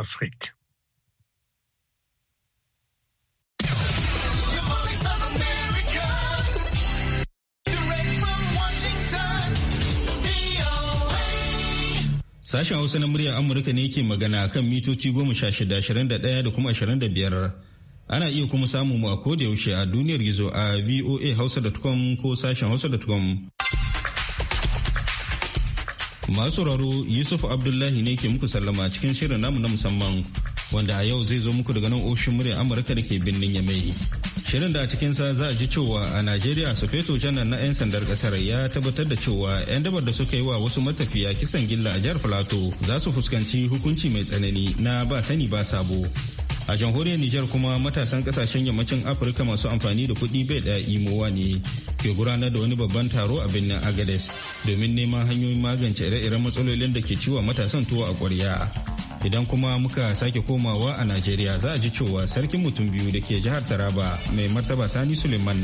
Afrique. Sashen Hausa na muryar Amurka ne ke magana kan mitoci goma sha shida ashirin da ɗaya da kuma ashirin da biyar. Ana iya kuma samu mu a koda yaushe a duniyar gizo a VOA hausa.com ko sashen hausa.com. Masu sauraro Yusuf Abdullahi ne ke muku sallama cikin shirin namu na musamman wanda a yau zai zo muku daga nan oshin murya Amurka da ke birnin Yamai. Shirin da a cikinsa za a ji cewa a Najeriya su feto janar na 'yan sandar kasar ya tabbatar da cewa 'yan dabar da suka yi wa wasu matafiya kisan gilla a jihar Filato za su fuskanci hukunci mai tsanani na ba sani ba sabo. a jamhuriyar Nijar kuma matasan kasashen yammacin Afirka masu amfani da kuɗi bai da imowa ne ke gudanar da wani babban taro a birnin Agades domin neman hanyoyin magance ire-iren matsalolin da ke ciwa matasan tuwo a ƙwarya. Idan kuma muka sake komawa a Najeriya za a ji cewa sarkin mutum biyu da ke jihar Taraba mai martaba Sani Suleiman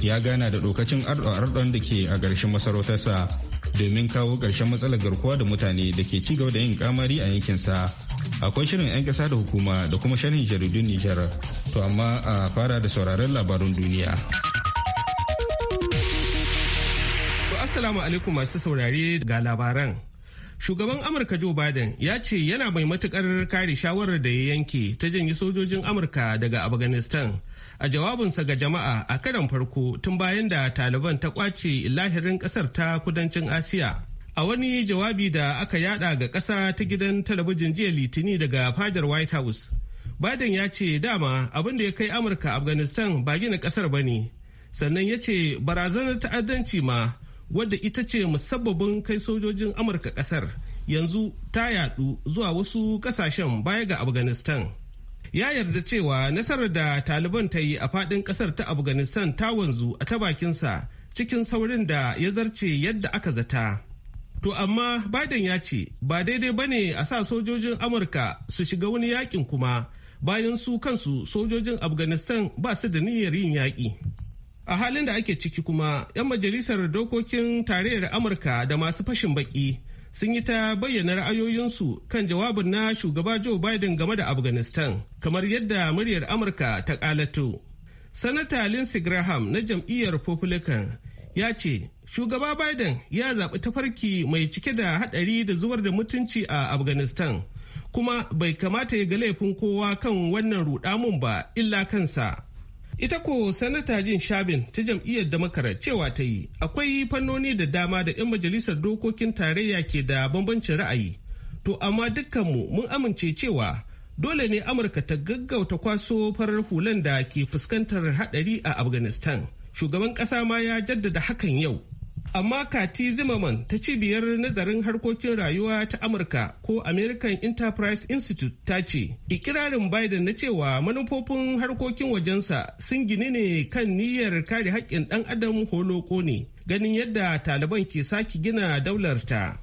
ya gana da dokacin arɗo-arɗon da ke a ƙarshen masarautarsa domin kawo ƙarshen matsalar garkuwa da mutane da ke ci gaba da yin kamari a yankinsa akwai shirin 'yan ƙasa da hukuma da kuma shirin jaridun nijar to amma a fara da sauraron labarun duniya assalamu alaikum masu saurare ga labaran shugaban amurka joe biden ya ce yana mai matukar kare shawarar da ya yanke ta janye sojojin amurka daga afghanistan a jawabinsa ga jama'a a karan farko tun bayan da taliban ta kwace lahirin kasar ta kudancin asiya a wani jawabi da aka yada ga kasa ta gidan talabijin jiya litini daga fadar white house biden ya ce dama abin da ya kai amurka afghanistan ba gina kasar ba ne sannan ya ce barazanar ta'addanci ma wadda ita ce musabbabin kai sojojin amurka kasar yanzu ta yadu zuwa wasu kasashen baya ga afghanistan ya yarda cewa nasarar da taliban ta yi a fadin kasar ta afghanistan ta wanzu a ta bakinsa cikin saurin da ya zarce yadda aka zata to amma biden ya ce ba daidai ba ne a sa sojojin amurka su shiga wani yakin kuma bayan su kansu sojojin afghanistan ba su da niyyar yin yaƙi a halin da ake ciki kuma 'yan majalisar dokokin tarayyar amurka da masu fashin baki sun yi ta bayyana ra'ayoyinsu kan jawabin na shugaba Joe Biden game da Afghanistan, kamar yadda muryar Amurka ta kalato. Sanata Lindsey Graham na jam'iyyar Republican ya ce, Shugaba Biden ya zaɓi tafarki mai cike da haɗari da zuwar da mutunci a Afghanistan, kuma bai kamata ya ga laifin kowa kan wannan ruɗamun ba illa kansa. Ita ko Sanata Jin Shabin ta jam'iyyar Damakara cewa ta yi akwai fannoni da dama da 'yan majalisar dokokin tarayya ke da bambancin ra'ayi. To amma dukkanmu mun amince cewa dole ne Amurka ta gaggauta kwaso farar hulan da ke fuskantar haɗari a Afghanistan. Shugaban ƙasa ma ya jaddada hakan yau amma kati zimmerman ta cibiyar nazarin harkokin rayuwa ta amurka ko american enterprise institute ta ce ikirarin biden na cewa manufofin harkokin wajensa sun gini ne kan niyyar kare haƙƙin ɗan adam holoko ne ganin yadda taliban ke saki gina daular ta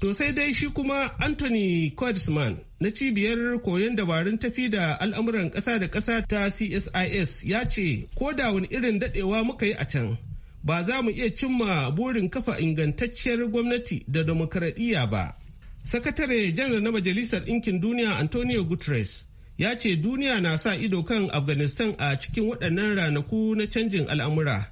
to sai dai shi kuma anthony Quartzman na cibiyar koyon dabarun tafi da al'amuran ƙasa da ƙasa ta csis ya ce ko da wani irin daɗewa muka yi a can ba za mu iya cimma burin kafa ingantacciyar gwamnati da demokaradiyya ba. Sakatare janar na Majalisar Ɗinkin Duniya Antonio Guterres ya ce duniya na sa ido kan Afghanistan a cikin waɗannan ranaku na canjin al'amura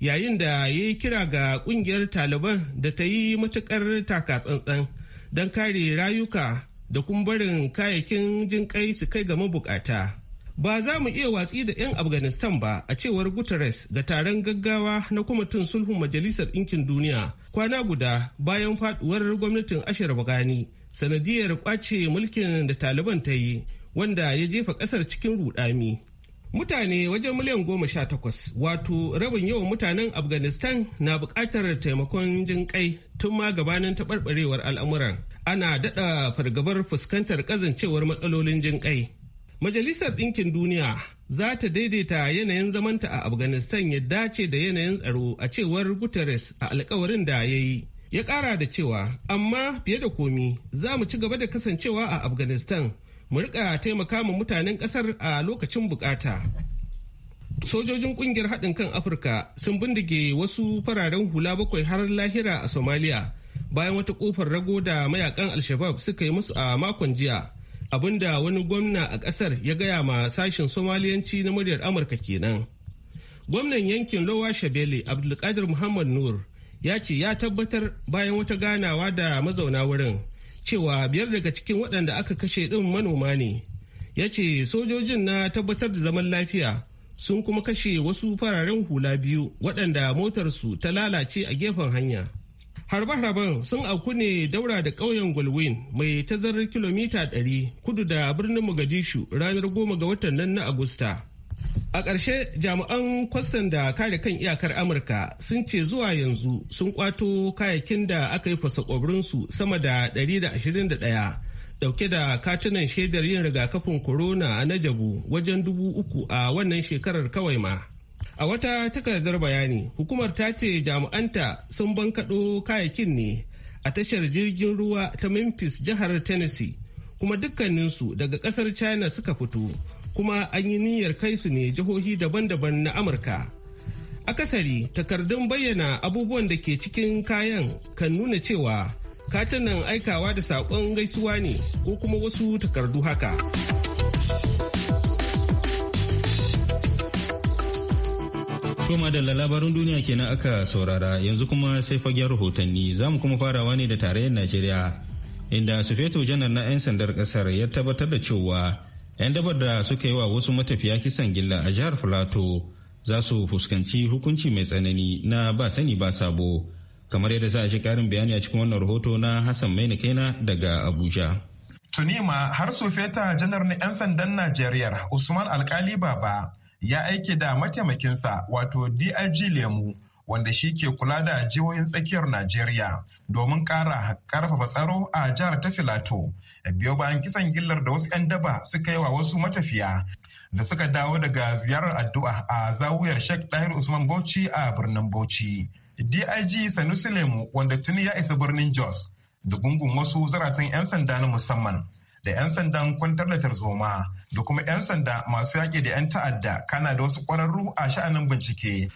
yayin da ya yi kira ga ƙungiyar Taliban da ta yi matuƙar taka tsantsan don kare rayuka da kuma barin kayayyakin jin kai su kai ga mabukata. ba za mu iya watsi da 'yan afghanistan ba a cewar guterres ga taron gaggawa na kwamitin sulhun majalisar ɗinkin duniya kwana guda bayan faduwar gwamnatin ashir bagani sanadiyar kwace mulkin da taliban ta yi wanda ya jefa ƙasar cikin rudami mutane wajen miliyan goma sha takwas wato rabin yawan mutanen afghanistan na buƙatar taimakon jin kai tun ma gabanin taɓarɓarewar al'amuran ana daɗa fargabar fuskantar ƙazancewar matsalolin jin kai Majalisar Ɗinkin Duniya za ta daidaita yanayin zamanta a Afghanistan ya dace da yanayin tsaro a cewar Guterres a alkawarin da ya yi. Ya ƙara da cewa, amma fiye da komi za mu ci gaba da kasancewa a Afghanistan mu rika taimaka ma mutanen ƙasar a lokacin bukata. Sojojin ƙungiyar haɗin kan Afirka sun bindige wasu fararen hula bakwai har lahira a Somalia bayan wata ƙofar rago da mayakan Alshabab suka yi musu a makon jiya. abinda wani gwamna a ƙasar ya gaya ma sashen somaliyanci na muryar amurka kenan gwamnan yankin lowa shabele abdulkadir muhammad nur ya ce ya tabbatar bayan wata ganawa da mazauna wurin cewa biyar daga cikin waɗanda aka kashe ɗin manoma ne ya ce sojojin na tabbatar da zaman lafiya sun kuma kashe wasu fararen hula biyu waɗanda motarsu ta lalace a gefen hanya. Harbe-harben sun auku ne daura da ƙauyen Gulwin mai tazarar kilomita 100 kudu da birnin Mogadishu ranar goma ga watan nan na Agusta. A ƙarshe jami'an kwastan da kare kan iyakar Amurka sun ce zuwa yanzu sun kwato kayakin da aka yi fasakwabrinsu sama da 121 dauke da katunan shaidar yin rigakafin corona na jabu wajen dubu uku a wannan shekarar kawai ma. A wata takardar bayani, hukumar ta ce jami'anta sun bankaɗo kayakin ne a tashar jirgin ruwa ta Memphis jihar Tennessee, kuma dukkaninsu daga ƙasar China suka fito, kuma an yi niyyar kai su ne jihohi daban-daban na Amurka. Akasari takardun bayyana abubuwan da ke cikin kayan kan nuna cewa katanan aikawa da saƙon gaisuwa ne ko kuma wasu takardu haka. Kuma da labarin duniya kenan aka saurara yanzu kuma sai fagen rahotanni za mu kuma farawa ne da tarayyar Najeriya inda sufeto janar na 'yan sandar kasar ya tabbatar da cewa 'yan dabar da suka yi wa wasu matafiya kisan gilla a jihar Filato za su fuskanci hukunci mai tsanani na ba sani ba sabo kamar yadda za a shi karin bayani a cikin wannan rahoto na Hassan Maina Kaina daga Abuja. tunima har har sufeta janar na 'yan sandan Najeriya Usman Alkali Baba ya aike da mataimakinsa wato DIG Lemu wanda shi ke kula da jihohin tsakiyar Najeriya domin ƙara karfafa tsaro a jihar ta Filato. Biyo bayan kisan gillar da wasu 'yan daba suka yi wa wasu matafiya da suka dawo daga ziyarar addu'a a zawuyar Sheikh Dahir Usman Bauchi a birnin Bauchi. DIG Sanusi Lemu wanda tuni ya isa birnin Jos da gungun wasu zaratan 'yan sanda na musamman. da 'yan sandan kwantar da tarzoma da kuma 'yan sanda masu yaƙi da 'yan ta'adda kana da wasu ƙwararru a sha'anin bincike.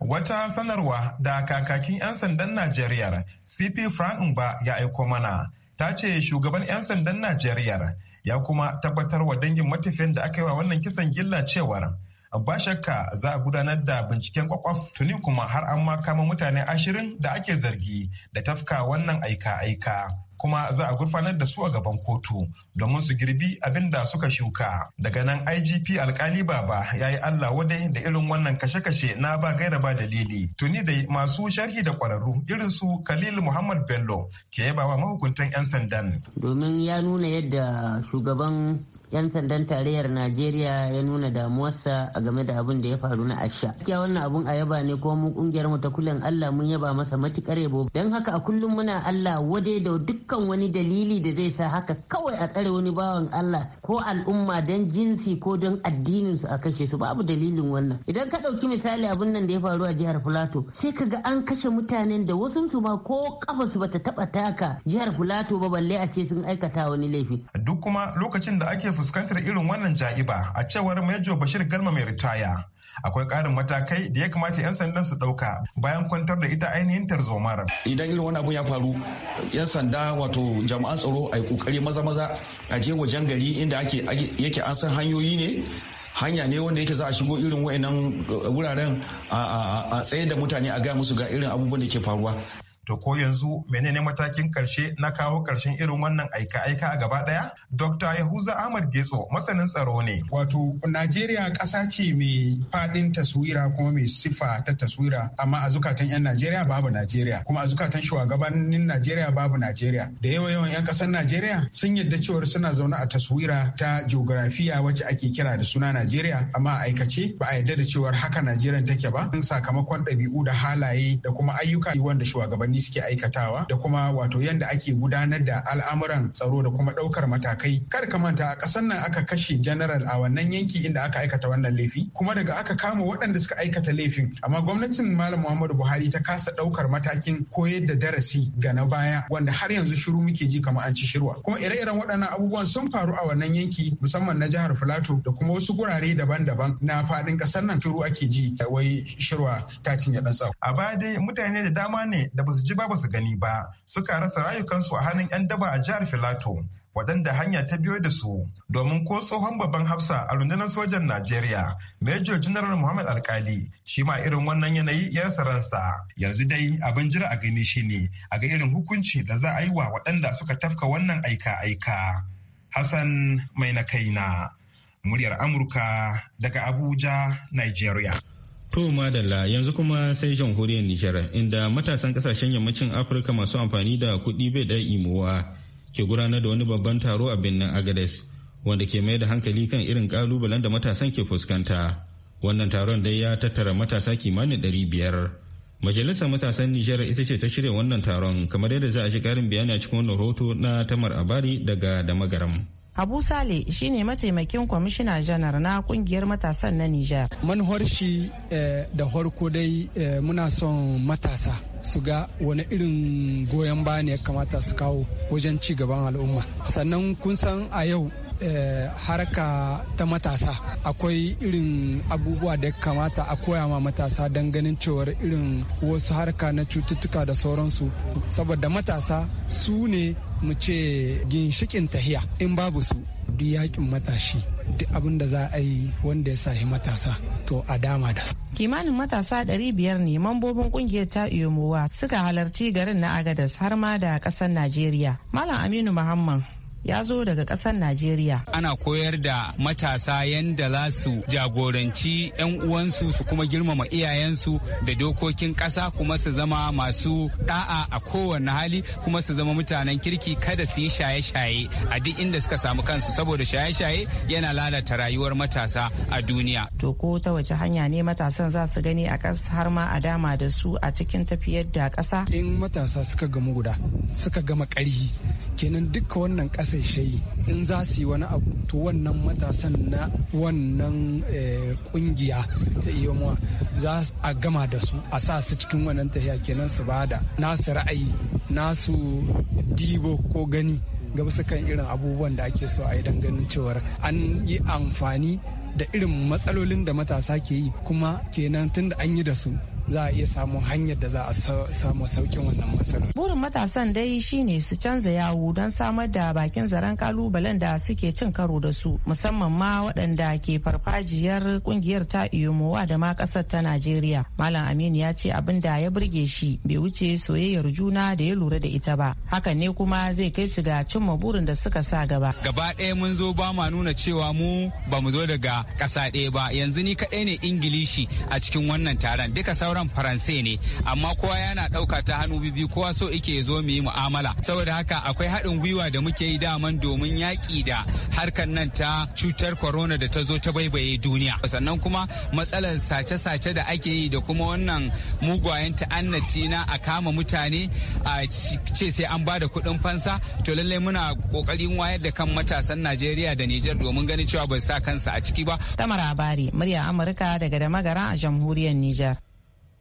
Wata sanarwa da kakakin 'yan sandan Najeriya CP Frank Mba ya aiko mana ta ce shugaban 'yan sandan Najeriya ya kuma tabbatar wa dangin matafiyan da aka yi wa wannan kisan gilla cewar ba shakka za a gudanar da binciken kwakwaf tuni kuma har an ma kama mutane ashirin da ake zargi da tafka wannan aika-aika kuma za a gurfanar da su a gaban kotu domin su girbi abin da suka shuka daga nan igp alkali baba ya yi allah wadai da irin wannan kashe-kashe na ba gaira ba dalili tuni da masu sharhi da kwararru irin su khalil muhammad bello ke yaba wa mahukuntan 'yan sandan domin ya nuna yadda shugaban 'yan sandan tarayyar najeriya ya nuna damuwarsa a game da abin da ya faru na asha gaskiya wannan abun a yaba ne ko mu kungiyar mu ta kulen allah mun yaba masa matukar yabo don haka a kullum muna allah wade da dukkan wani dalili da zai sa haka kawai a tsare wani bawan allah ko al'umma don jinsi ko don addinin su a kashe su babu dalilin wannan idan ka ɗauki misali abin nan da ya faru a jihar filato sai ka ga an kashe mutanen da wasu su ma ko kafa su bata taba taka jihar filato ba balle a ce sun aikata wani laifi duk kuma lokacin da ake fuskantar irin wannan ja'iba a cewar mejo Bashir garma mai ritaya. akwai ƙarin matakai da ya kamata 'yan sanda su ɗauka bayan kwantar da ita ainihin tarzomar. Idan irin wani abu ya faru, 'yan sanda wato jama'an tsaro a yi ƙoƙari maza-maza a je wajen gari inda yake an san hanyoyi ne hanya ne wanda yake za a shigo irin wa'inan uh, wuraren a tsaye da mutane a gaya musu ga irin abubuwan da ke faruwa. To ko yanzu menene matakin karshe na kawo karshen irin wannan aika-aika a gaba daya? Dr. Yahuza Ahmad Getso masanin tsaro ne. Wato Najeriya ƙasa ce mai faɗin taswira kuma mai sifa ta taswira amma a zukatan 'yan Najeriya babu Najeriya kuma a zukatan shugabannin Najeriya babu Najeriya. Da yawa yawan 'yan ƙasar Najeriya sun yadda cewar suna zaune a taswira ta geografiya wacce ake kira da suna Najeriya amma a aikace ba a yarda da cewar haka Najeriya take ba sakamakon ɗabi'u da halaye da kuma ayyuka wanda shugaban shugabanni suke aikatawa da kuma wato yadda ake gudanar da al'amuran tsaro da kuma ɗaukar matakai kar ka manta a ƙasar nan aka kashe general a wannan yanki inda aka aikata wannan laifi kuma daga aka kama waɗanda suka aikata laifin amma gwamnatin malam muhammadu buhari ta kasa ɗaukar matakin koyar da darasi ga na baya wanda har yanzu shiru muke ji kamar an ci shirwa kuma ire-iren waɗannan abubuwan sun faru a wannan yanki musamman na jihar filato da kuma wasu gurare daban-daban na faɗin ƙasar nan shiru ake ji wai shirwa ta cinye ɗan A baya dai mutane da dama ne da ba su ji ba su gani ba suka rasa rayukansu a hannun 'yan daba a jihar filato waɗanda hanya ta biyo da su domin ko tsohon babban hafsa a rundunar sojan najeriya major general muhammad alkali shi ma irin wannan yanayi ya rasa ransa yanzu dai abin jira a gani shine a ga irin hukunci da za a yi wa waɗanda suka tafka wannan aika-aika hassan mai na kaina muryar amurka daga abuja nigeria To madalla yanzu kuma sai jamhuriyar Nijar inda matasan kasashen yammacin Afirka masu amfani da kuɗi bai da imowa ke gudanar da wani babban taro a birnin Agades wanda ke mai da hankali kan irin kalubalen da matasan ke fuskanta. Wannan taron dai ya tattara matasa kimanin ɗari biyar. Majalisar matasan Nijar ita ce ta shirya wannan taron kamar yadda za a ji karin bayani a cikin wannan rahoto na Tamar Abari daga Damagaram. Abu Sale shine mataimakin kwamishina janar na kungiyar matasan na Nijar. Manuwar shi eh, da harko dai eh, muna son matasa su ga wani irin goyon baya ne kamata su kawo wajen ci gaban al'umma. Sannan kun san a yau eh, haraka ta matasa akwai irin abubuwa da kamata a koya ma matasa don ganin cewar irin wasu haraka na cututtuka da sauransu saboda matasa su ne mu ce ginshikin tahiya in babu su duk yakin matashi duk abin da za a yi wanda ya sahi matasa to a dama da su. kimanin matasa 500 ne mambobin kungiyar ta iyomowa suka halarci garin na agadas har ma da kasar najeriya malam aminu muhammad ya zo daga ƙasar Najeriya. Ana koyar da matasa yadda za su jagoranci 'yan uwansu su kuma girmama iyayensu da dokokin ƙasa kuma su zama masu ɗa'a a kowane hali kuma su zama mutanen kirki kada su yi shaye-shaye a duk inda suka samu kansu saboda shaye-shaye yana lalata rayuwar matasa a duniya. To ko ta wace hanya ne matasan za su gani a ƙasa har ma a dama da su a cikin tafiyar da ƙasa? In matasa suka gama guda suka gama ƙarhi kenan duka wannan ƙasa kasashe in za su yi wani abu to wannan matasan na wannan eh, kungiya ta iyomuwa za a gama da su a sa su cikin wannan tafiya kenan su bada nasu ra'ayi nasu dibo ko gani ga bisa kan irin abubuwan da ake so a yi don ganin cewar an yi amfani da irin matsalolin da matasa ke yi kuma kenan tun da an yi da su za a iya samun hanyar da za a samu saukin wannan matsalar. Burin matasan dai shine su canza yawu don samar da bakin zaren kalubalen da suke cin karo da su musamman ma waɗanda ke farfajiyar kungiyar ta iyomowa da ma ƙasar ta Najeriya. Malam Aminu ya ce abin da ya burge shi bai wuce soyayyar juna da ya lura da ita ba. Hakan ne kuma zai kai su ga cimma burin da suka sa gaba. Gaba ɗaya mun zo ba ma nuna cewa mu ba mu zo daga ƙasa ɗaya ba yanzu ni kaɗai ne Ingilishi a cikin wannan taron duka sauran sauran faransai ne amma kowa yana ɗauka ta hannu bibi kowa so ike zo mu yi mu'amala saboda haka akwai haɗin gwiwa da muke yi daman domin yaƙi da harkar nan ta cutar corona da ta zo ta baibaye duniya sannan kuma matsalar sace-sace da ake yi da kuma wannan mugwayen ta'annati na a kama mutane a ce sai an ba da kuɗin fansa to lallai muna ƙoƙarin wayar da kan matasan najeriya da nijar domin ganin cewa ba sa kansa a ciki ba tamar abari murya amurka daga da magara a jamhuriyar nijar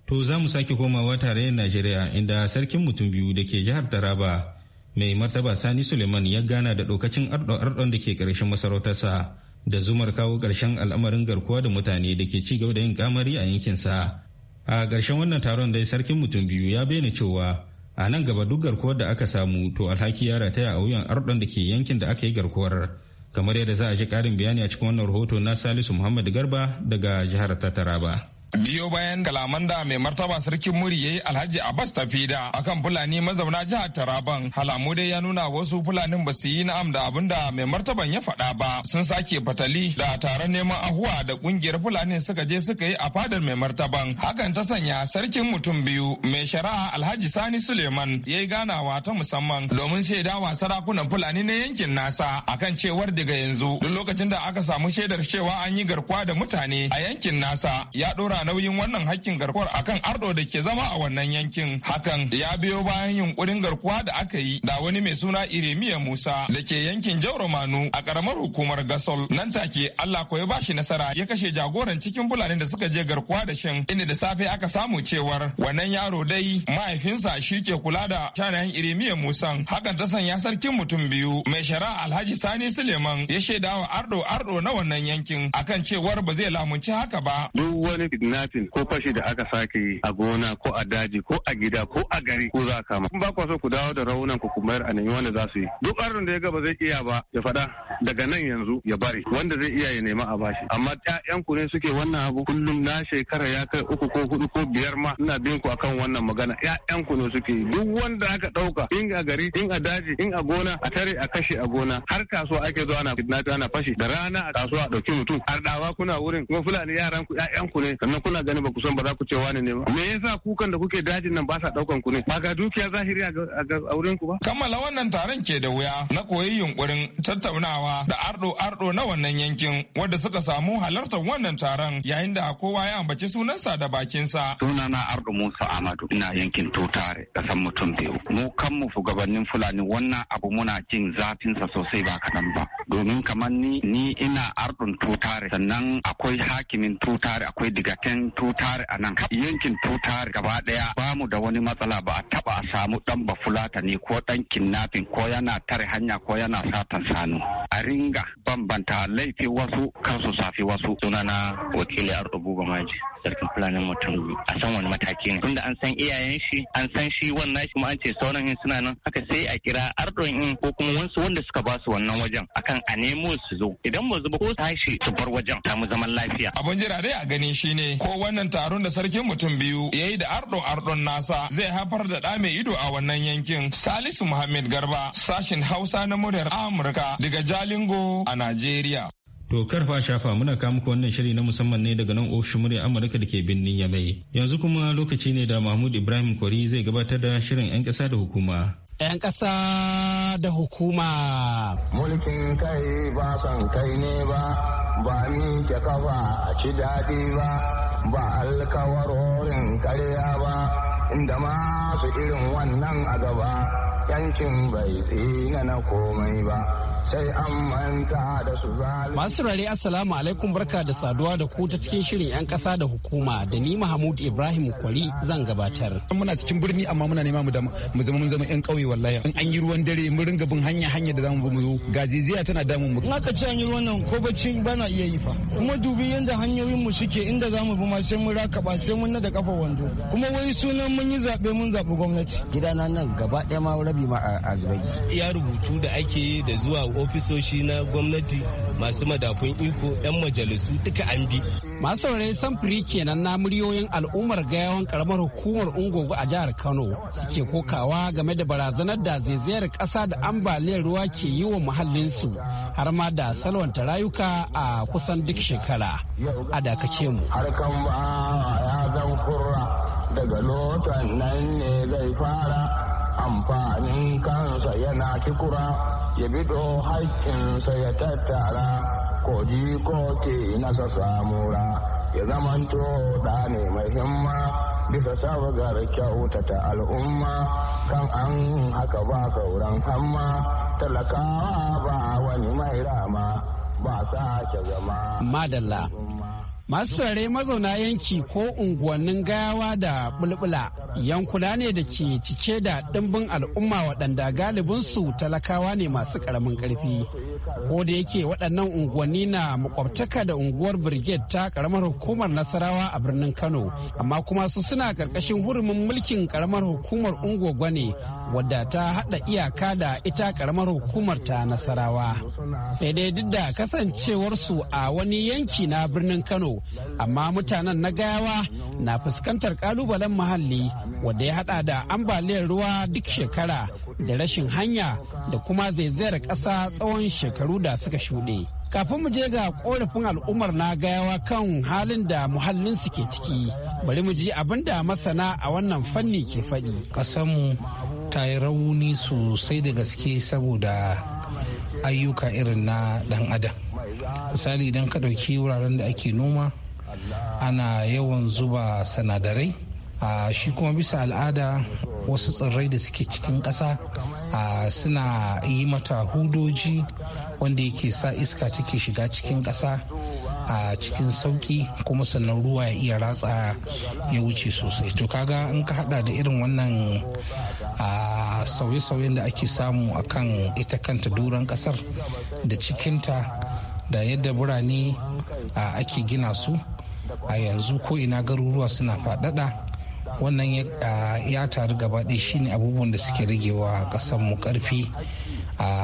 To za mu sake komawa tarayyar Najeriya inda sarkin mutum biyu da ke jihar Taraba mai martaba Sani Suleiman ya gana da ɗaukacin arɗo-arɗon da ke ƙarshen masarautarsa da zumar kawo ƙarshen al'amarin garkuwa da mutane da ke ci gaba da yin kamari a yankin sa, A ƙarshen wannan taron dai sarkin mutum biyu ya bayyana cewa a nan gaba duk garkuwar da aka samu to alhaki ya rataya a wuyan arɗon da ke yankin da aka yi garkuwar. Kamar yadda za a ji ƙarin bayani a cikin wannan rahoto na Salisu Muhammad Garba daga jihar ta Taraba. biyo bayan kalaman da mai martaba sarkin muri yi alhaji abbas tafida akan fulani mazauna jihar taraban halamu dai ya nuna wasu fulanin ba su yi na'am da abin da mai martaban ya faɗa ba sun sake fatali da taron neman ahuwa da kungiyar fulani suka je suka yi a fadar mai martaban hakan ta sanya sarkin mutum biyu mai shari'a alhaji sani suleiman ya yi ganawa ta musamman domin shaidawa sarakunan fulani na yankin nasa akan cewar daga yanzu duk lokacin da aka samu shaidar cewa an yi garkuwa da mutane a yankin nasa ya ɗora nauyin wannan hakkin garkuwar akan ardo da ke zama a wannan yankin hakan ya biyo bayan yunkurin garkuwa da aka yi da wani mai suna iremiya musa da ke yankin jauromanu a karamar hukumar gasol nan take allah ko ya shi nasara ya kashe jagoran cikin bulanin da suka je garkuwa da shin inda da safe aka samu cewar wannan yaro dai mahaifinsa shi ke kula da shanayen iremiya musan hakan ta sanya sarkin mutum biyu mai shari'a alhaji sani suleiman ya shaidawa ardo ardo na wannan yankin akan cewar ba zai lamunci haka ba duk wani kidnapping ko fashi da aka sake yi a gona ko a daji ko a gida ko a gari ko za kama kun ba ku so ku dawo da raunan ku kuma a nemi wanda za su yi duk arin da ya gaba zai iya ba ya faɗa daga nan yanzu ya bari wanda zai iya ya nema a bashi amma ƴaƴan ku ne suke wannan abu kullum na shekara ya kai uku ko hudu ko biyar ma ina bin ku akan wannan magana ƴaƴan ku ne suke duk wanda aka ɗauka in a gari in a daji in a gona a tare a kashe a gona har kasuwa ake zo ana kidnapping ana fashi da rana a kasuwa a ɗauki mutum har dawa kuna wurin kuma fulani yaran ku ƴaƴan ku ne kuna gani ba ku san ba za ku ce wani ne ba me yasa kukan da kuke dajin nan ba sa daukan ku ne ba ga dukiya zahiri a ga auren ku ba kammala wannan taron ke da wuya na koyi yunkurin tattaunawa da ardo ardo na wannan yankin wanda suka samu halartar wannan taron yayin da kowa ya ambaci sunansa da bakinsa sunana ardo musa amadu ina yankin tutare kasan mutum biyu mu kanmu gabanin fulani wannan abu muna jin zafin sa sosai ba kaɗan ba domin kamar ni ni ina ardun tutare sannan akwai hakimin tutare akwai diga cikin tutar a nan yankin tutar gaba daya ba mu da wani matsala ba a taba samu dan bafulata ne ko dan kidnapping ko yana tare hanya ko yana satan sanu a ringa bambanta laifi wasu kar su safi wasu sunana wakili ardubu maji sarkin fulanin mutum a san wani mataki ne tunda an san iyayen shi an san shi wannan shi an ce sauran in suna nan haka sai a kira ardon in ko kuma wasu wanda suka ba su wannan wajen akan a nemo su zo idan ba zuba ko tashi su bar wajen ta mu zaman lafiya Abun jira dai a gani shine ko wannan taron da sarkin mutum biyu yayi da ardo ardon nasa zai haifar da da mai ido a wannan yankin salisu muhammad garba sashin hausa na muryar amurka daga jalingo a najeriya To karfa shafa muna kawo muku wannan shiri na musamman ne daga nan ofishin murya Amurka da ke birnin Yamai. Yanzu kuma lokaci ne da Mahmud Ibrahim Kwari zai gabatar da shirin 'yan ƙasa da hukuma. 'Yan ƙasa da hukuma. Mulkin kai ba san kai ne ba, ba ni ke kafa a ci daɗi ba, ba alkawarorin karya ba, inda masu irin wannan a gaba, yankin bai tsina na komai ba. sai an manta da su zalunci. Masu saurare Assalamu alaikum barka da saduwa da ku ta cikin shirin 'yan ƙasa da hukuma da ni Mahmud Ibrahim Kwari zan gabatar. Muna cikin birni amma muna nema mu da mu zama mun zama 'yan ƙauye wallahi. In an yi ruwan dare mun ringa bin hanya hanya da zamu mu zo gaziziya tana damun mu. Na aka ce an yi ruwan nan ko bacci ba na iya yi fa. Kuma dubi yanda hanyoyin mu suke inda zamu bi ma sai mun rakaba sai mun nada kafa wando. Kuma wai sunan mun yi zaɓe mun zabi gwamnati. Gidana nan gaba ɗaya ma rabi ma a zubai. Ya rubutu da ake da zuwa ofisoshi na gwamnati masu madafun iko 'yan majalisu duka an bi. Masu saurayi samfuri kenan na muryoyin al'ummar gayawan karamar hukumar ungogo a jihar Kano suke kokawa game da barazanar da zaizayar kasa da ambaliyar ruwa ke yi wa muhallinsu har ma da salwanta rayuka a kusan duk shekara. A dakace mu. daga lotan nan ne zai fara amfanin kansa yana kikura ya bido haƙƙinsa ya tattara ji ko ke nasa samura ya zamanto da ne mai himma bisa sabgar kyautata al'umma kan an haka ba sauran hamma talakawa ba wani mai rama ba sake zama madalla Masu saurare mazauna yanki ko unguwannin gayawa da bulbula yankula ne da ke cike da ɗimbin al'umma waɗanda galibinsu talakawa ne masu ƙaramin ƙarfi. Ko da yake waɗannan unguwanni na makwabtaka da unguwar Brigade ta ƙaramar hukumar Nasarawa a birnin Kano, amma kuma su suna ƙarƙashin hurumin mulkin ƙaramar hukumar Ungwagwa ne wadda ta haɗa iyaka da ita ƙaramar hukumar ta Nasarawa. Sai dai duk da kasancewarsu a wani yanki na birnin Kano kyau amma mutanen na gayawa na fuskantar kalubalen muhalli wanda ya hada da ambaliyar ruwa duk shekara da rashin hanya da kuma zaizayar ƙasa tsawon shekaru da suka shuɗe. Kafin mu je ga korafin al'ummar na gayawa kan halin da muhallin su ke ciki, bari mu ji abin da masana a wannan fanni ke faɗi. Ƙasanmu ta yi rauni sosai da gaske saboda ayyuka irin na ɗan adam. misali idan ka ɗauki wuraren da ake noma ana yawan zuba sanadarai a shi kuma bisa al'ada wasu tsirrai da suke cikin ƙasa suna yi mata hudoji wanda yake sa iska take shiga cikin ƙasa a cikin sauki kuma sannan ruwa ya iya ratsa ya wuce sosai to kaga in ka hada da irin wannan a sauye-sauyen da ake samu a kan ita kanta doron ƙasar da cikinta da yadda birane a ake gina su a yanzu ko ina garuruwa suna faɗaɗa wannan ya taru gaba ɗaya shine abubuwan da suke ragewa mu ƙarfi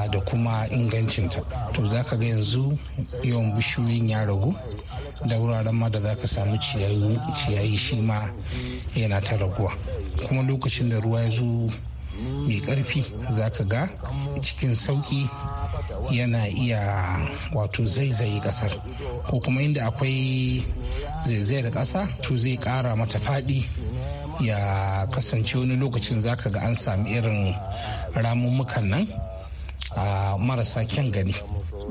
da kuma ingancinta to za ka ga yanzu yawan bishiyoyin ya ragu da wuraren ma da za ka samu ciyayi shi ma yana ta raguwa kuma lokacin da ruwa ya zo mai karfi za ka ga cikin sauki yana iya wato zaizaye kasar ko kuma inda akwai zaizayar kasa to zai kara mata faɗi ya kasance wani lokacin za ka ga an sami irin ramummukan nan a marasa kyan gani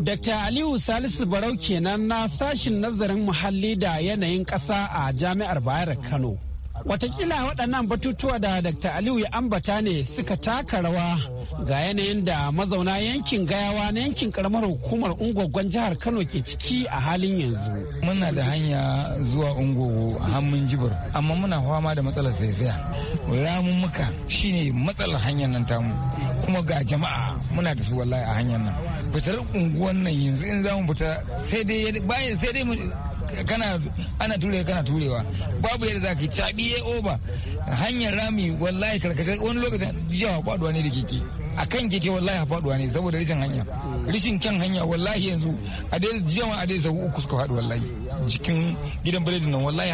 Dr. Aliyu Salisu Barau kenan na sashin nazarin muhalli da yanayin ƙasa a Jami'ar Bayar Kano. Watakila waɗannan batutuwa da Dr. Aliyu ya ambata ne suka taka rawa ga yanayin da mazauna yankin gayawa na yankin karamar hukumar ungogon jihar Kano ke ciki a halin yanzu. Muna da hanya zuwa ungogo a hannun jibir, amma muna fama da matsalar zaizaya. Ramun muka shine matsalar hanyar nan tamu, kuma ga jama'a muna da su wallahi a hanyar nan. Fitar unguwan nan yanzu in za mu fita sai dai bayan sai dai kana ana turewa kana turewa babu yadda za ka yi ya oba hanyar rami wallahi karkashin wani lokacin jiya kwaduwa ne da keke a kan keke wallahi faduwa ne saboda rishin hanya rishin kyan hanya wallahi yanzu a dai jiyan a dai zau uku suka faɗi wallahi cikin gidan biredin nan wallahi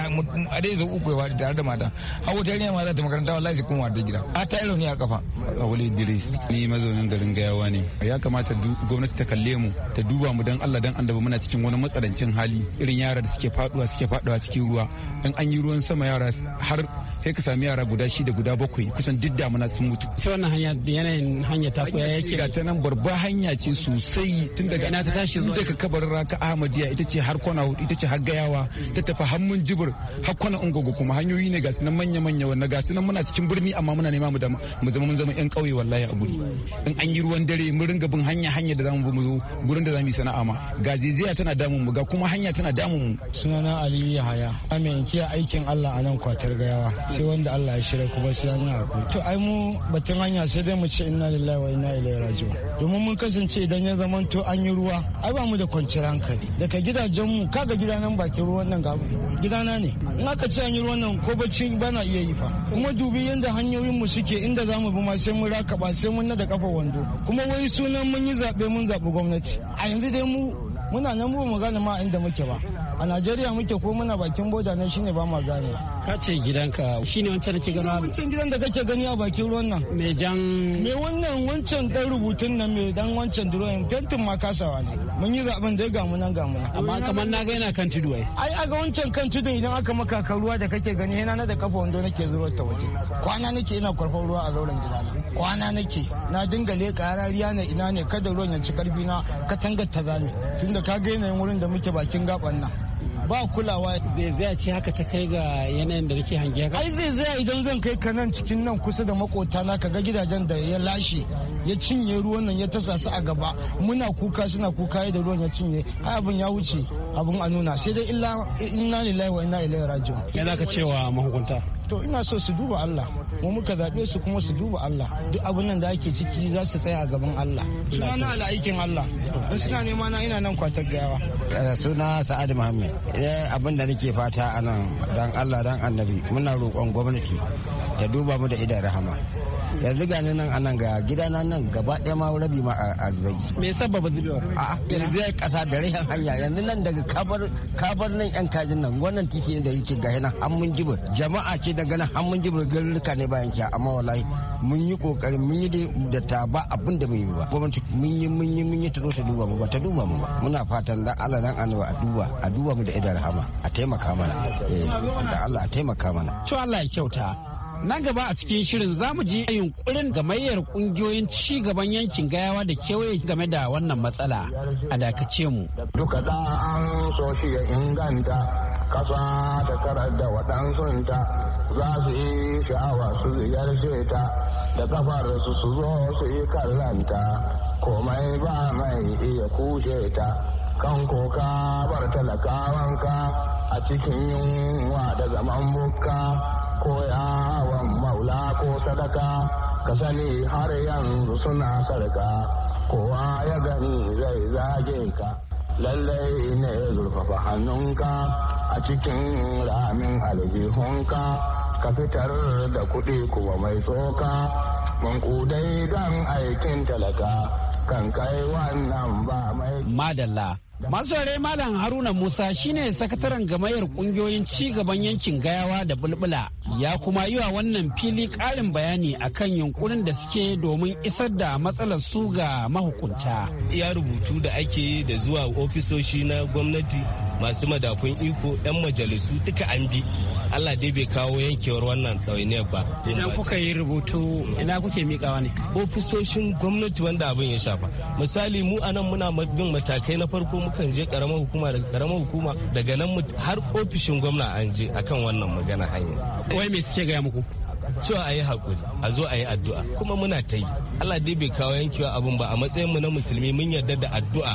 a dai zau uku ya faɗi tare da mata a ta yarinya za ta makaranta wallahi sai kuma wata gida a ta yi rauni a kafa a wali idris ni mazaunin garin gayawa ne ya kamata gwamnati ta kalle mu ta duba mu dan Allah dan annabi muna cikin wani matsalancin hali irin yara da suke faduwa suke faduwa cikin ruwa in an yi ruwan sama yara har sai ka sami yara guda shida guda bakwai kusan duk damuna sun mutu ta wannan hanya yanayin hanya ta koya yake ga ta nan barba hanya ce sosai tun daga ina ta tashi zuwa daga kabarin raka ahmadiyya ita ce har kwana hudu ita ce har gayawa ta tafi hannun jibir har kwana ungogo kuma hanyoyi ne ga su nan manya manya wannan ga su nan muna cikin birni amma muna nema mu dama mu zama mun zama yan kauye wallahi a guri in an yi ruwan dare mu ringa bin hanya hanya da zamu mu zo gurin da zamu yi sana'a ma ga zezaya tana damun mu ga kuma hanya tana damun mu sunana ali yahaya amin kiya aikin Allah a nan kwatar gayawa sai wanda Allah ya shirya kuma sai an yi hakuri to ai mu batun hanya sai dai mu ce inna lillahi lillahi wa ina ilaihi raji'un domin mun kasance idan ya zamanto an yi ruwa ai ba mu da kwanciyar hankali daga gidajen mu kaga nan bakin ruwan nan gabu gidana ne in aka ce an yi ruwan nan ko bacci bana iya yi fa kuma dubi yadda hanyoyin mu suke inda za mu bi ma sai mun rakaba sai mun nada kafa wando kuma wai sunan mun yi zaɓe mun zabi gwamnati a yanzu dai mu muna nan mu mu gane ma inda muke ba a najeriya muke ko muna bakin boda ne shine ba ma gane ka ce gidanka shine wancan da ke gano wancan gidan da kake gani a bakin ruwan nan me jan me wannan wancan dan rubutun nan me dan wancan drawing fentin ma kasawa ne mun yi zaben da ga mu nan ga mu amma kamar na ga yana kan tudu ai ai aga wancan kan tudu idan aka maka ruwa da kake gani yana na da kafa wando nake zuro ta waje kwana nake ina kwarfan ruwa a zauren gidana kwana nake na dinga leka rariya na ina ne kada ruwan ya ci karfi na katangar ta zame tunda ka ga yanayin wurin da muke bakin gaban nan ba kulawa zai ce haka ta kai ga yanayin da nake hange haka ai zai zai idan zan kai ka nan cikin nan kusa da makota na ga gidajen da ya lashe ya cinye ruwan nan ya tasa su a gaba muna kuka suna kuka da ruwan ya cinye ai abin ya wuce abun a nuna sai dai illa inna lillahi wa inna ilaihi raji'un me zaka cewa mahukunta to ina so su duba Allah mu muka zaɓe su kuma su duba Allah duk abun nan da ake ciki za su tsaya a gaban Allah suna na ala aikin Allah in suna nema na ina nan kwatar gawa eh, suna Sa'ad Muhammad eh, abin da nake fata anan dan Allah dan Annabi muna roƙon gwamnati ta duba mu da idan rahama yanzu gani nan a nan ga gidana nan gaba ɗaya ma rabi ma a zubai me zube zubewa a yanzu ya kasa da rashin hanya yanzu nan daga kabar kabar nan yan kajin nan wannan titi da yake ga nan an mun jibir jama'a ce da nan an mun jibir garuruka ne bayan ki amma wallahi mun yi kokarin mun yi da ta ba abin da mun yi ba gwamnati mun yi mun yi mun yi ta zo ta duba mu ba ta duba mu ba muna fatan da Allah nan annaba a duba a duba mu da idan rahama a taimaka mana eh da Allah a taimaka mana to Allah ya kyauta Nan gaba a cikin shirin za mu ji yunkurin gamayyar kungiyoyin ci gaban yankin gayawa da kewaye game da wannan matsala a dakace mu. Duka da an so shi ya inganta kasa ta tarar da waɗansunta za su yi sha'awa su ziyarce ta da kafar su su zo su yi kallanta komai ba mai iya kushe ta kan koka bar talakawanka a cikin yunwa da zaman bukka ko yawan maula ko sadaka ka sani har yanzu suna sarka kowa ya gani zai zage ka lallai ne zurfafa hannunka a cikin ramin aljihunka ka fitar da kuɗi kuma mai tsoka mankudai don aikin talaka kan kai wannan ba mai madalla Masorai Malam Haruna Musa shine sakataren gamayar kungiyoyin gaban yankin gayawa da bulbula ya kuma yi wa wannan fili karin bayani akan yunkurin da suke domin isar da matsalar su ga mahukunta. Ya rubutu da ake yi da zuwa ofisoshi na gwamnati masu madakun iko 'yan majalisu duka an bi Allah dai bai kawo yankewar wannan ɗawainiyar ba. Ina kuka yi rubutu ina kuke miƙawa ne? Ofisoshin gwamnati wanda abin ya shafa. Misali mu anan muna bin matakai na farko mukan je karamar hukuma daga karamar hukuma daga nan har ofishin gwamna an je akan wannan magana hanya wai me suke gaya muku cewa a hakuri a zo a addu'a kuma muna ta yi allah dai bai kawo yankewa abin ba a matsayin mu na musulmi mun yarda da addu'a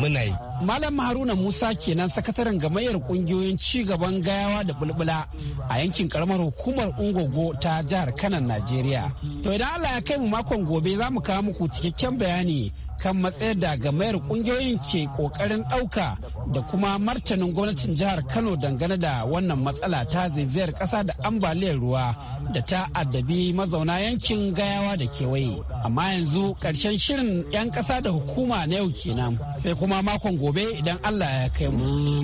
muna yi Malam Haruna Musa kenan sakataren gamayyar kungiyoyin ci gaban gayawa da bulbula a yankin karamar hukumar Ungogo ta jihar Kanan Najeriya. To idan Allah ya kai mu makon gobe za mu kawo muku cikakken bayani kan matsayar da mayar kungiyoyin ke kokarin dauka da kuma martanin gwamnatin jihar kano dangane da wannan matsala ta zaizayar kasa da ambaliyar ruwa da ta addabi mazauna yankin gayawa da kewaye amma yanzu ƙarshen shirin 'yan kasa da hukuma na yau kenan sai kuma makon gobe idan allah ya kai mu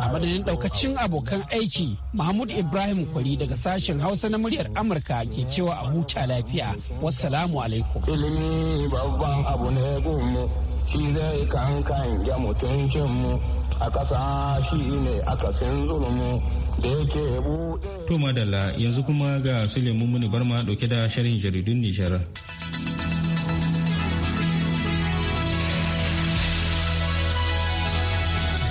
a madadin daukacin abokan aiki mahmud ibrahim kwari daga sashen hausa na muryar amurka ke cewa a huta lafiya wassalamu alaikum ilimi babban abu ne gome, shi zai kankan ya mutuncinmu a ƙasa shi ne a akasin zulumi da yake buɗe. to madalla yanzu kuma ga suleiman muni barma ɗauke da sharhin jaridun nishar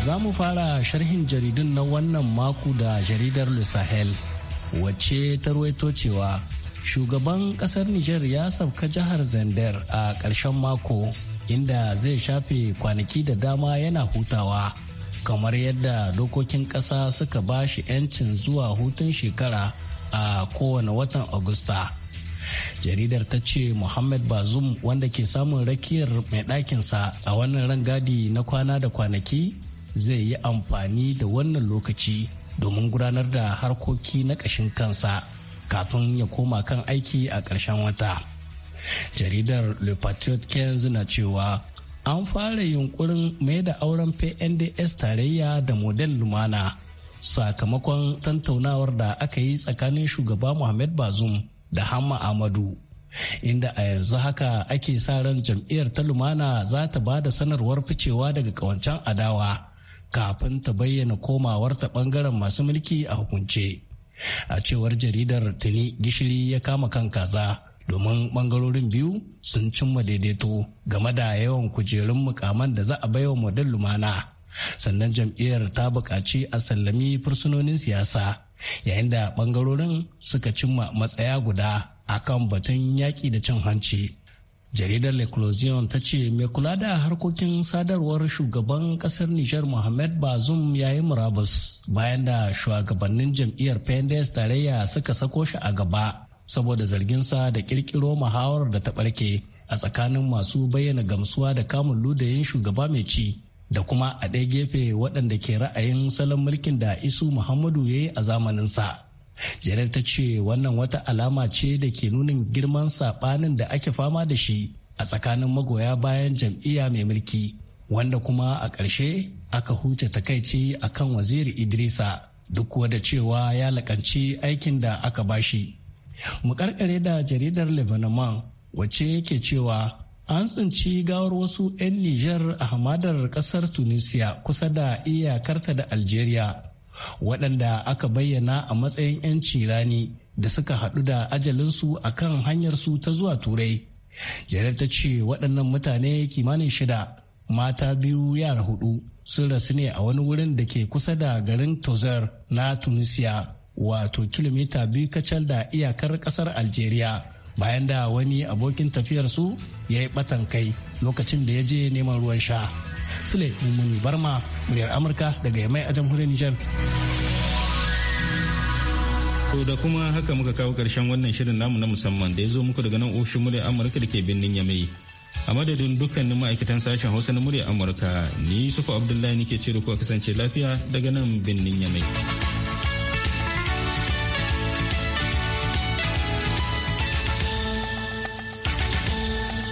za mu fara sharhin jaridun na wannan maku da jaridar Lusahel. sahel wacce ta ruwaito cewa shugaban kasar Nijar ya sauka jihar zender a ƙarshen mako inda zai shafe kwanaki da dama yana hutawa kamar yadda dokokin ƙasa suka ba shi 'yancin zuwa hutun shekara a kowane watan Agusta. jaridar ta ce muhammad bazum wanda ke samun rakiyar mai ɗakinsa a wannan rangadi na kwana da kwanaki zai yi amfani da wannan lokaci domin gudanar da harkoki na ƙashin kansa kafin ya koma kan aiki a ƙarshen wata jaridar le patriot Kenz na cewa an fara yunkurin mai da auren pnds tarayya da model lumana sakamakon tantaunawar da aka yi tsakanin shugaba muhammad bazum da hamma amadu inda a yanzu haka ake sa ran jam'iyyar ta lumana za ta ba da sanarwar ficewa daga kawancan adawa kafin ta bayyana komawar ta bangaren masu mulki a hukunce a cewar jaridar tuni gishiri ya kama kan kaza domin bangarorin biyu sun cimma daidaito game da yawan kujerun mukaman da za a baiwa model lumana sannan jam'iyyar ta buƙaci a sallami fursunonin siyasa yayin da bangarorin suka cimma matsaya guda akan batun yaƙi da cin hanci jaridar l'eclosion ta ce mai kula da harkokin sadarwar shugaban kasar nijar mohamed bazoum ya yi murabus bayan da shugabannin jam'iyyar pendes tarayya suka sako shi a gaba saboda zarginsa da kirkiro muhawarar da ta barke a tsakanin masu bayyana gamsuwa da kamun ludayin shugaba mai ci da kuma a ɗaya gefe waɗanda ke ra'ayin salon mulkin da isu muhammadu ya yi a zamaninsa janar ta ce wannan wata alama ce da ke nunin girman saɓanin da ake fama da shi a tsakanin magoya bayan jam'iyya mai mulki wanda kuma a ƙarshe aka huce takaici a kan waziri idrisa duk da cewa ya laƙanci aikin da aka bashi mu ƙarƙare da jaridar levanaman wacce yake cewa an tsinci gawar wasu 'yan nijar a hamadar ƙasar tunisia kusa da iyakarta da algeria waɗanda aka bayyana a matsayin 'yanci rani da suka haɗu da ajalinsu a kan hanyarsu ta zuwa turai jaridar ta ce waɗannan mutane kimanin shida mata biyu yara hudu sun rasu ne a wani wurin da ke kusa da garin tozar na tunisia wato kilomita biyu kacal da iyakar ƙasar algeria bayan da wani abokin tafiyarsu ya yi kai lokacin da ya je neman ruwan sha. Sule Mummuni Barma, muryar Amurka daga Yamai a jamhuriyar Nijar. To da kuma haka muka kawo karshen wannan shirin namu na musamman da ya zo muku daga nan ofishin muryar Amurka da ke birnin Yamai. A madadin dukkanin ma'aikatan sashen Hausa na muryar Amurka, ni Sufa Abdullahi nake ce da a kasance lafiya daga nan birnin Yamai.